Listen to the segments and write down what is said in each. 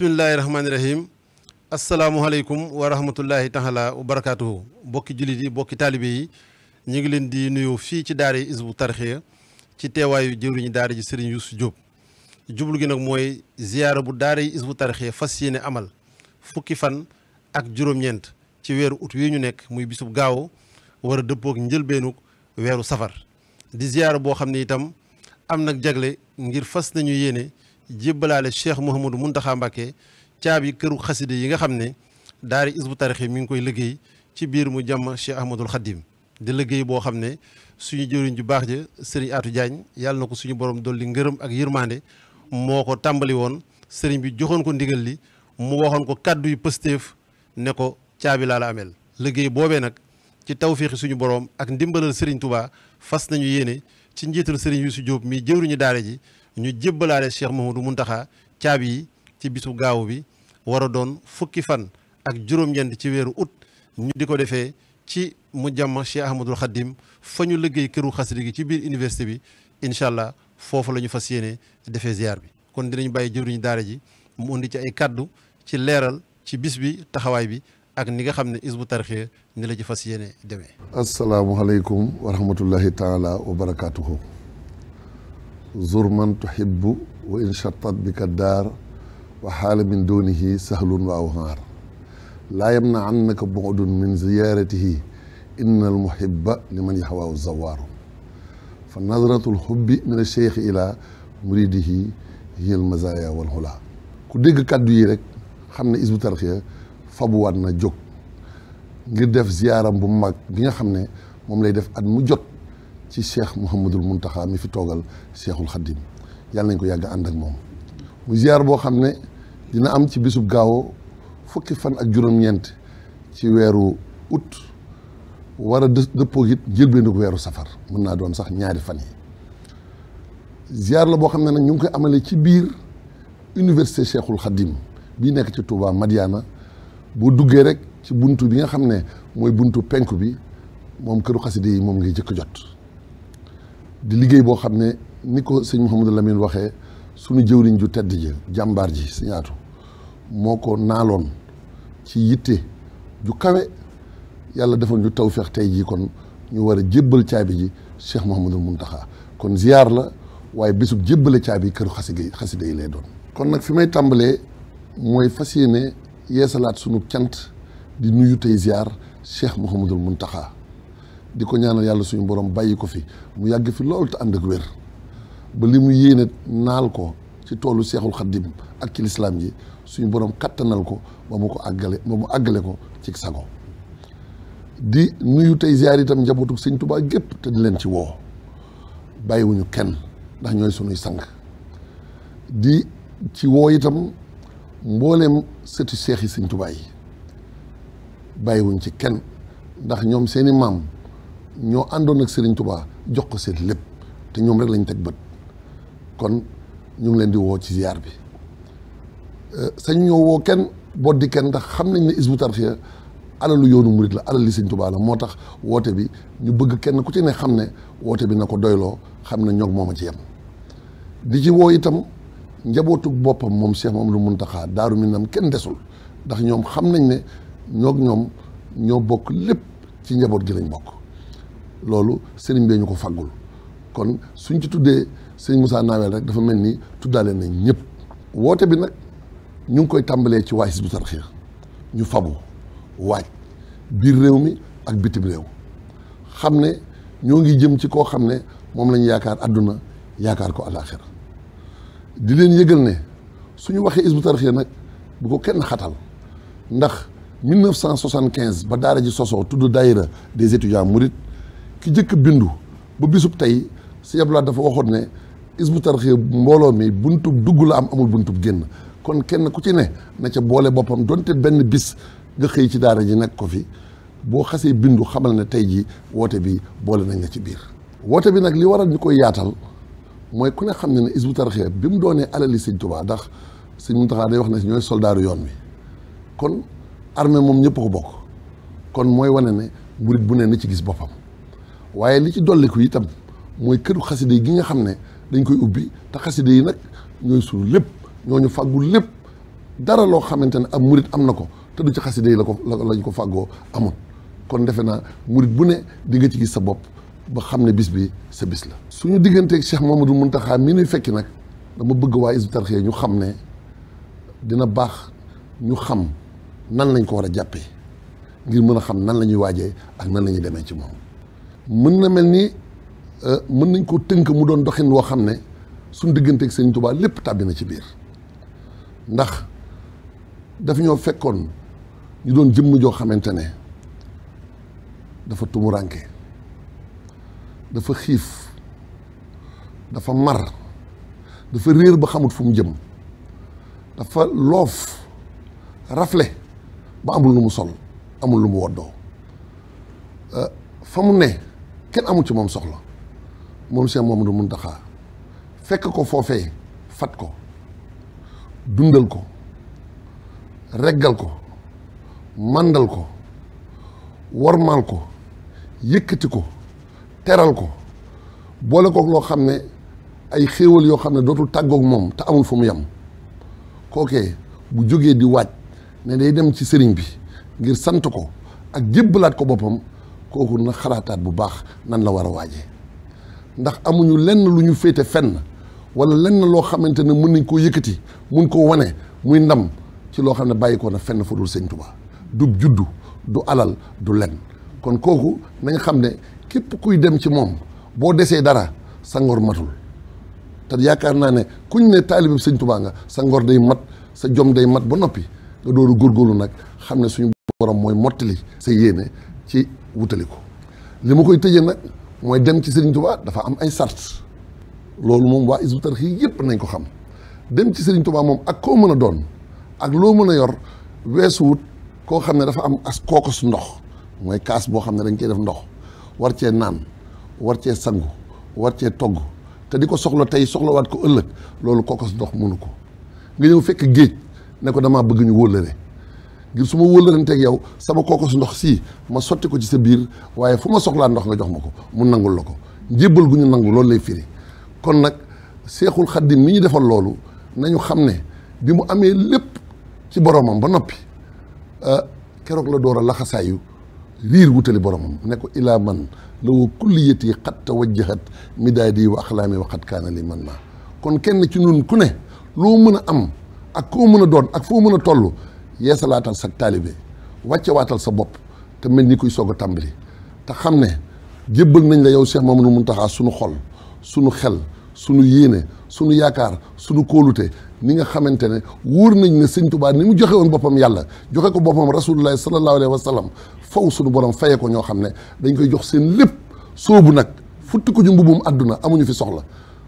bisimillahi rahmaanirahim asalaamualeykum wa rahmatullahi tahala wa barakaatuhu bokki jullit yi bokki taalibe yi ñu ngi leen di nuyoo fii ci daara Hizbut Tarqiyyah ci teewaayu jëwriñu daara ji Serigne Youssou Diop jublu gi nag mooy ziyaara bu daara yi Hizbut Tarqiyyah fas yéene amal fukki fan ak juróom-ñeent ci weeru ut wi ñu nekk muy bisub gaaw war a dëppook njëlbeenuk weeru safar di ziyaara boo xam ne itam am nag jagle ngir fas nañu yéene jébbalaale Cheikh Mouhamadou Mountakha Mbacké caabi këru xaside yi nga xam ne daari isbu tarixi mi ngi koy liggéey ci biir mu jàmm Cheikh Ahmadul Khadim di liggéey boo xam ne suñu jëriñ ju baax ja sëriñ Atou Diagne yàlla na ko suñu borom dolli ngërëm ak yërmande moo ko tàmbali woon sëriñ bi joxoon ko ndigal li mu waxoon ko kàddu yu pësteef ne ko caabi laa la amel liggéey boobee nag ci tawféexi suñu borom ak ndimbalal sëriñ Touba fas nañu yéene ci njiital sëriñ Youssou Diop mii jëwriñu daara ji ñu jébbalaale Cheikh mun Mountakha caabi yi ci bisu gaaw bi war a doon fukki fan ak juróom-ñeent ci weeru ut ñu di ko defee ci mu jàmm Cheikh Ahmadul Khadim fa ñu liggéey këru xasida gi ci biir université bi incha allah foofu la ñu fas yéene defe ziar bi kon dinañ bàyyi jëwriñu daara ji mu undi ci ay kàddu ci leeral ci bis bi taxawaay bi ak ni nga xam ne isbu tarxee ni la ci fas yéene demee. asalaamaaleykum wa rahmatullahi taala wa barakaatuhu. zur man tuhibbu wa in chattat bika daar wa xaala min dunihi sahlun wa awhaar laa yamna annaka bu'dun min ziyaratihi inna almuhibba liman yahwaahu zawaaru fa nadratu lxubbi min alcheikh ila muridihi hiya almazaya walxula ku dégg kàddu yi rek xam ne isbu tarxiya fabuwaat na jóg ngir def ziyaaram bu mag bi nga xam ne moom lay def at mu jot ci cheikh Mouhamadul Mountakha mi fi toogal cheikhul Khadim yàlla nañ ko yàgg ànd ak moom. mu ziar boo xam ne dina am ci bisub gaawo fukki fan ak juróom-ñeent ci weeru août war a dë dëppoo it njëlbéenu weeru safar mën naa doon sax ñaari fan yi. ziar la boo xam ne nag ñu ngi koy amalee ci biir université cheikhul xaddim bi nekk ci Touba Madiana boo duggee rek ci buntu bi nga xam ne mooy buntu penku bi moom këru xaside yi moom ngay jëkk jot. di liggéey boo xam ne ni ko sëñ Mouhamadou Lamine waxee sunu jëwriñ ju tedd ji jàmbaar ji sëñ Atou moo ko naaloon ci yitte ju kawe yàlla defal ñu tawféex tey jii kon ñu war a jébbal caabi ji Cheikh Mouhamadul Mountakha kon ziar la waaye bésub jébbale caabi këru xasida yi xasida yi lay doon. kon nag fi may tàmbalee mooy fas yéene yeesalaat sunu cant di nuyu tey ziar Cheikh Mouhamadul Mountakha. di ko ñaanal yàlla suñu borom bàyyi ko fi mu yàgg fi loolu te ànd ak wér ba li mu yéene naal ko ci toolu seexul xaddim ak ci lislaam ji suñu boroom kattanal ko ba mu ko àggale ba mu àggale ko ci sago di nuyu tey ziar itam njabootu sëñ Tuubaa gépp te di leen ci woo bàyyiwuñu kenn ndax ñooy sunuy di ci woo itam mbooleem sëtu seexi sëñ Tuubaa bàyyiwuñ ci kenn ndax ñoom seeni maam ñoo àndoon ak Serigne Touba jox ko seen lépp te ñoom rek lañ teg bët kon ñu ngi leen di woo ci ziar bi euh, sañ ñoo woo kenn boot di kenn ndax xam nañ ne Hizbut Tarqiyyah alalu yoonu murit la alal li Serigne la moo tax woote bi ñu bëgg kenn ku ci ne xam ne woote bi na ko doyloo xam ne ñoog moom ci yem di ci itam njabootuk boppam moom Cheikh Mamadou Mountakha Daaru Minam kenn desul ndax ñoom xam nañ ne ñook ñoom ñoo bokk lépp ci njaboot gi lañ bokk loolu sëriñ bee ñu ko faggul kon suñ ci tuddee sëriñ Moussa Nawel rek dafa mel ni tuddaale nañ ñëpp woote bi nag ñu ngi koy tàmbalee ci waa Hizbut xee ñu fabu waaj biir réew mi ak bitim réew xam ne ñoo ngi jëm ci koo xam ne moom lañ yaakaar àdduna yaakaar ko àllaaxira di leen yëgal ne suñu waxee Hizbut Tarqiyyah nag bu ko kenn xatal ndax 1975 ba daara ji sosoo tudd daayira des étudiants murit ki jëkk bindu ba bisub tey Sëñ Abdoulaye dafa waxoon ne Hizbut Tarqiyyah mbooloo mi buntub dugg la am amul buntub génn kon kenn ku ci ne na ca boole boppam donte benn bis nga xëy ci daara ji nekk ko fi boo xasee bindu xamal ne tey ji woote bi boole nañ la ci biir woote bi nag li waral ñu koy yaatal mooy ku ne xam ne ne Hizbut Tarqiyyah bi mu doonee alali Sëñ tubaa ndax Sëñ Muntaxaa day wax si ñooy soldaaru yoon wi kon armée moom ñëpp ko bokk kon mooy wane ne murit bu ne na ci gis boppam waaye li ci dolliku itam mooy këru xaside gi nga xam ne dañ koy ubbi te xaside yi nag ñooy suñu lépp ñu fàggu lépp dara loo xamante ne ab murit am na ko te du ci xaside yi la ko lañ ko fàggoo amul kon defe naa murit bu ne di nga ci gis sa bopp ba xam ne bis bi sa bis la suñu digganteeg Cheikh Mamadou Muntaxa mi nuy fekki nag dama bëgg waa Hizbut Tarqiyyah ñu xam ne dina baax ñu xam nan lañ ko war a jàppee ngir mën a xam nan la ñuy waajee ak nan la ñuy demee ci moom mën na mel ni euh, mën nañ koo tënk mu doon doxin woo xam ne suñ digganteeg Sëriñ Tuubaa lépp tàbbi na ci biir ndax daf ñoo fekkoon ñu doon jëmm joo xamante ne dafa tumuranke dafa xiif dafa mar dafa réer ba xamut fu mu jëm dafa loof rafle ba amul lu mu sol amul lu mu woddoo euh, fa mu ne kenn amul ci moom soxla moom Cheikh mun daxa fekk ko foofee fat ko dundal ko reggal ko màndal ko wormaal ko yëkkati ko teral ko boole kook loo xam ne ay xéewal yoo xam ne dootul tàggook moom te amul fu mu yem kookee bu jógee di waaj ne day dem ci sëriñ bi ngir sant ko ak jébbalaat ko boppam kooku na xalaataat bu baax nan la war a waajee ndax amuñu lenn lu ñu féete fenn wala lenn loo xamante ne mën nañ koo yëkkati mun koo wane muy ndam ci loo xam ne bàyyi ko na fenn fu dul sëñ du juddu du alal du lenn kon kooku nañ xam ne képp kuy dem ci moom boo desee dara sa ngor matul te yaakaar naa ne kuñ ne taalibe sëñ Tuubaa nga sa ngor day mat sa jom day mat ba noppi nga dooru góorgóorlu nag xam ne suñu borom mooy mottili sa yéene ci wutali ko li ma koy tëjee nag mooy dem ci Serigne Touba dafa am ay sart loolu moom waa Hizbut Tarqiyyah yëpp nañ ko xam dem ci Serigne Touba moom ak koo mën a doon ak loo mën a yor weesu wut koo xam ne dafa am as kookos ndox mooy kaas boo xam ne dañ cee def ndox war cee naan war cee sangu war cee togg te di ko soxla tey soxlawaat ko ëllëg loolu kookos ndox mënu ko nga ñëw fekk géej ne ko damaa bëgg ñu wóllëre ngir su ma wëlëranteeg yow sama kookos ndox sii ma sotti ko ci sa biir waaye fu ma soxlaa ndox nga jox ma ko mu nangul la ko njébbal gu ñu nangu loolu lay firi kon nag seexul xaddim mi ñu defal loolu nañu xam ne bi mu amee lépp ci boromam ba noppi euh, keroog la door a laxasaayu riir wutali boromam ne ko ilaa man la wa kulliyati xat tawajjahat midaadi wa axlaami wa xat kaana li man naa kon kenn ci nun ku ne loo mën a am ak koo mën a doon ak foo mën a toll yeesalaatal sa taalibe wàcce waatal sa bopp te mel ni kuy soog a tàmbali te xam ne jébbal nañ la yow Cheikh Mamadou Mountakha sunu xol sunu xel sunu yéene sunu yaakaar sunu kóolute ni nga xamante ne wóor nañ ne sëñ Tuubaa ni mu joxe woon boppam yàlla joxe ko boppam rasulullahi sallallahu alayhi wa sallam faw sunu borom fayee ko ñoo xam ne dañ koy jox seen lépp soobu nag futti ko ju mbubum àdduna amuñu fi soxla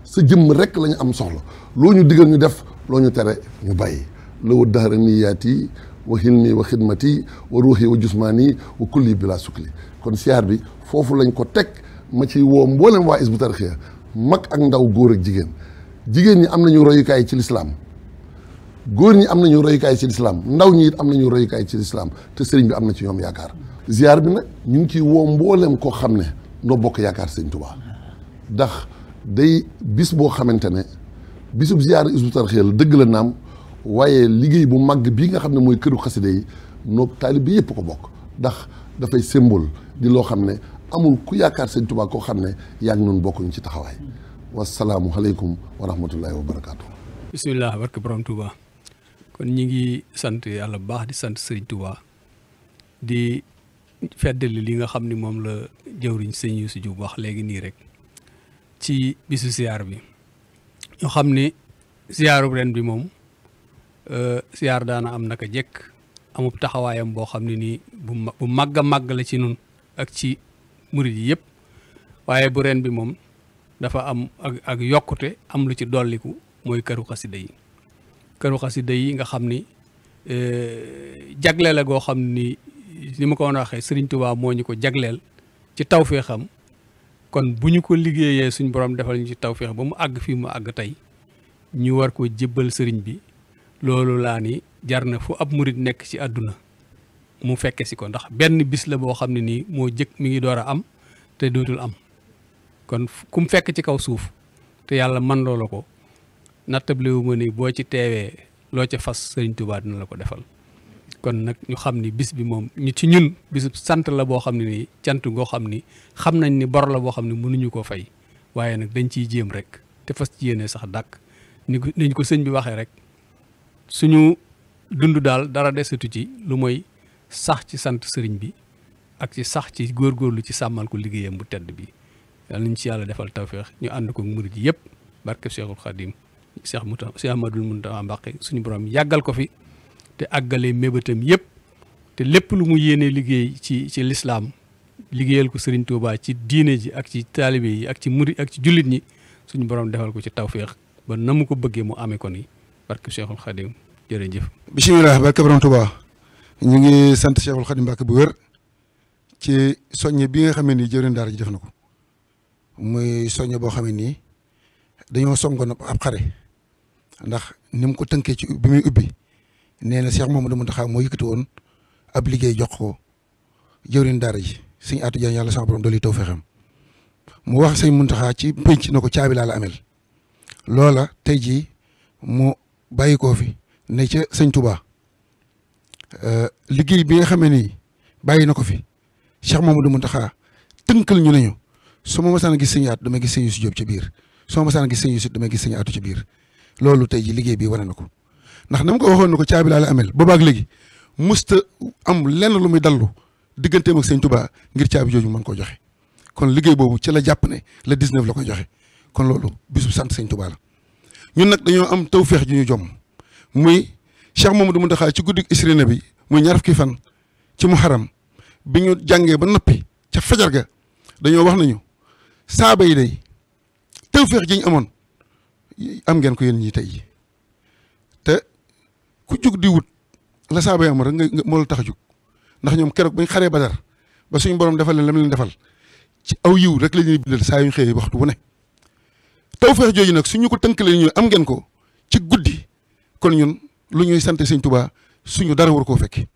sa jëmm rek lañu am soxla loo ñu digal ñu def loo ñu tere ñu bàyyi lawu dahra niyaati wa hilmi wa xidmati wa ruuxi wa jusmaani wa kulli bila sukli kon siyaar bi foofu lañ ko teg ma ci woo mboolem waa Hizbut Tarqiyyah mag ak ndaw góor ak jigéen jigéen ñi am nañu royukaay ci lislaam góor ñi am nañu royukaay ci lislaam ndaw ñi it am nañu royukaay ci lislaam te sëriñ bi am na ci ñoom yaakaar ziar bi nag ñu ngi ciy woo mboolem koo xam ne noo bokk yaakaar sëñ Tuubaa ndax day bis boo xamante ne bisub ziar dëgg la naam waaye liggéey bu màgg bii nga xam ne mooy këru xasida yi noog taalib bi yëpp ko bokk ndax dafay symbole di loo xam ne amul ku yaakaar sëñ tubaa koo xam ne yaa ngi noonu bokkuñ ci taxawaay wasalaamualeykum wa rahmatullahi wa barakaatu. bisimilah barke borom Touba kon ñu ngi sant yàlla bu baax di sant sëñ Touba di feddali li nga xam ni moom la jëwriñ sëñ si Diouf wax léegi nii rek ci bisu siyaar bi ñu xam ni siyaaru ren bi moom. Euh, siyaar daana am naka jekk amub taxawaayam boo xam ne nii bu bu màgg a màgg la ci noonu ak ci murid yi yëpp waaye bu ren bi moom dafa am ak yokkute am lu ci dolliku mooy këru xasida yi këru nga xam ni euh, jagle la goo xam ni ni ma ko waxee Sëriñ Tuubaa moo ñu ko jagleel ci tawféexam kon bu ñu ko liggéeyee suñ borom defal ñu ci tawféex ba mu àgg fii mu àgg tey ñu war ko jébbal sëriñ bi loolu laa ni jar na fu ab murit nekk ci àdduna mu fekke si ko ndax benn bis la boo xam ne nii moo jëkk mi ngi door a am te dootul am kon ku mu fekk ci kaw suuf te yàlla man loola ko nattable wu ma ni boo ci teewee loo ca fas sëriñ Tuubaa dina la ko defal kon nag ñu xam ni bis bi moom ñu ci ñun bisub sant la boo xam ne nii cant ngoo xam ni xam nañ ni bor la boo xam ne mënuñu koo fay waaye nag dañ ciy jéem rek te fas ci yéene sax dàkk ni ko niñ ko sëñ bi waxee rek suñu dund daal dara desetu ci lu mooy sax ci sant sëriñ bi ak ci sax ci góor góorgóorlu ci sàmmal ko liggéeyam bu tedd bi yàlla nañ ci yàlla defal tawféex ñu ànd ko murid yi yëpp barke Cheikhul Khadim Cheikh Mouta Cheikh Ahmadul Mountakha Mbacké suñu borom yàggal ko fi te àggalee mébétam yëpp te lépp lu mu yéenee liggéey ci ci lislaam liggéeyal ko sëriñ Touba ci diine ji ak ci taalibe yi ak ci murid ak ci jullit ñi suñu borom defal ko ci tawféex ba na mu ko bëggee mu amee ko nii barke Cheikhul Khadim jërëjëf. bisimilah barke Borom Touba ñu ngi sant Cheikhul Khadim Mbacke bu wér ci soññe bi nga xam ne nii jëwriñ daara ji def na ko muy soññe boo xam ne nii dañoo songoon ab xare ndax ni mu ko tënkee ci bi muy ubbi nee na Cheikh Mamadou Mountakha moo yëkkati woon ab liggéey jox ko jëwriñ daara ji suñu aatu jaan yàlla sax borom dolli taw fexeem mu wax sëñ Mountakha ci pénc na ko caabi laa amel loola tey mu bàyyi koo fi ne ca sëñ Touba euh, liggéey bi nga xamee ni bàyyi na ko fi Cheikh Mamadou Mountakha tënkal ñu ne ñu su ma masaan gis sëñ Aatu damay gis sëñ Yuusu ci biir su ma masaan gis sëñ Yuusu damay gis sëñ Aatu ci biir loolu te ji liggéey bi wane na ko ndax na ma ko waxoon na ko caabi laa la amel léegi musta am lenn lu muy dallu digganteem ak sëñ Touba ngir caabi jooju mën koo joxe kon liggéey boobu ci la jàpp ne le 19 la ko joxe kon loolu bisu sant sëñ Touba la. ñun nag dañoo am feex ji ñu jom muy Cheikh Mamadou Mountakha ci guddi Isrina bi muy ñaar fukki fan ci muharam bi ñu jàngee ba noppi ca fajar ga dañoo wax nañu saaba yi day tawféex ji ñu amoon am ngeen ko yéen ñi tey te ku jug di wut la saaba yi amoon rek nga moo la tax a jug ndax ñoom keroog bañ xaree badar ba suñu borom defal leen lam leen defal ci aw yiw rek la ñuy bindal saa yu ñu xëyee waxtu wu ne. tawfeex jooju nag suñu ko tënkalee ñu am ngeen ko ci guddi kon ñun lu ñuy sant sëñ Tuubaa suñu dara war koo fekk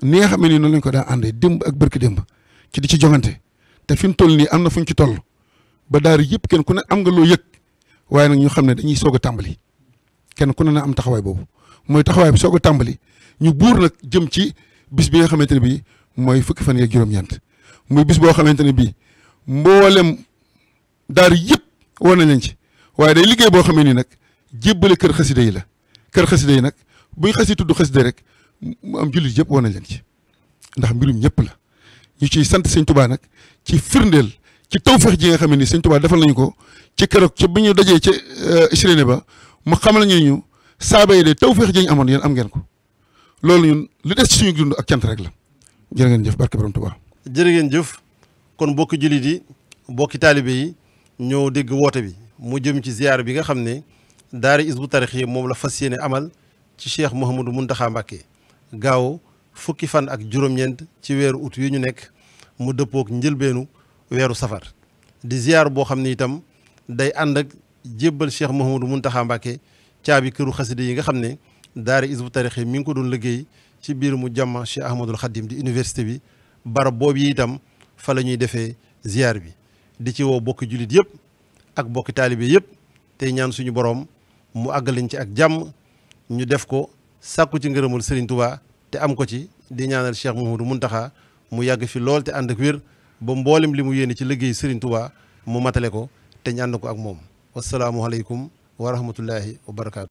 ni nga xam ne nii noonu lañ ko daa àndee démb ak bërki démb ci di ci jongante te fi mu toll nii am na fuñ ci toll ba daar yëpp kenn ku ne am nga loo yëg waaye nag ñu xam ne dañuy soog a tàmbali kenn ku ne na am taxawaay boobu mooy taxawaay bi soog tàmbali ñu buur nag jëm ci bis bi nga xamante ne bii mooy fukki fan yeeg juróom-ñeent muy bis boo xamante ne bii mboolem daara yëpp. woo nañ ci waaye day liggéey boo xamee ni nag jébbale kër xasida yi la kër xasida yi nag buy xasi tudd xasida rek mu am jullit yëpp woo nañ leen ci ndax mbirum ñëpp la ñu ciy sant sëñ tubaa nag ci firndeel ci tawfeex ji nga xam ne ni sëñ tubaa defal nañu ko ci keroog ci bi ñu dajee ca euh, ne ba mu xamal ñu ñu saaba yi de tawfeex ji ñu amoon yéen am ngeen ko loolu ñun li des ci suñu dund ak cant rek la jërë ngeen jëf barke borom tubaa jërë ngeen jëf kon bokki jullit yi bokki taalibe yi ñëw dégg woote bi mu jëm ci ziar bi nga xam ne daara Hizbut Tarqiyyah moom la fas yéene amal ci cheikh Mouhamadou Mountakha Mbacké gaaw fukki fan ak juróom-ñeent ci weeru ut wi ñu nekk mu dëppook njëlbeenu weeru safar di ziar boo xam ne itam day ànd ak jébbal cheikh Mouhamadou Mountakha Mbacké caabi këru xaside yi nga xam ne daara Hizbut yi mi ngi ko doon liggéey ci biir mu jàmma cheikh Ahmadul Khadim di université bi barab boobu yi itam fa la ñuy defee ziar bi di ci woo bokki jullit yëpp ak bokki taalibe yëpp tey ñaan suñu boroom mu àggaliñ ci ak jàmm ñu def ko sàkku ci ngërëmul Serigne Touba te am ko ci di ñaanal Cheikh Mouhamadou Mountakha mu yàgg fi lool te ànd ak wér ba mboolem li mu yéene ci liggéey Serigne Touba mu matale ko te ñu ànd ko ak moom wasalaamualeykum wa rahmatullahi wa barakaatu.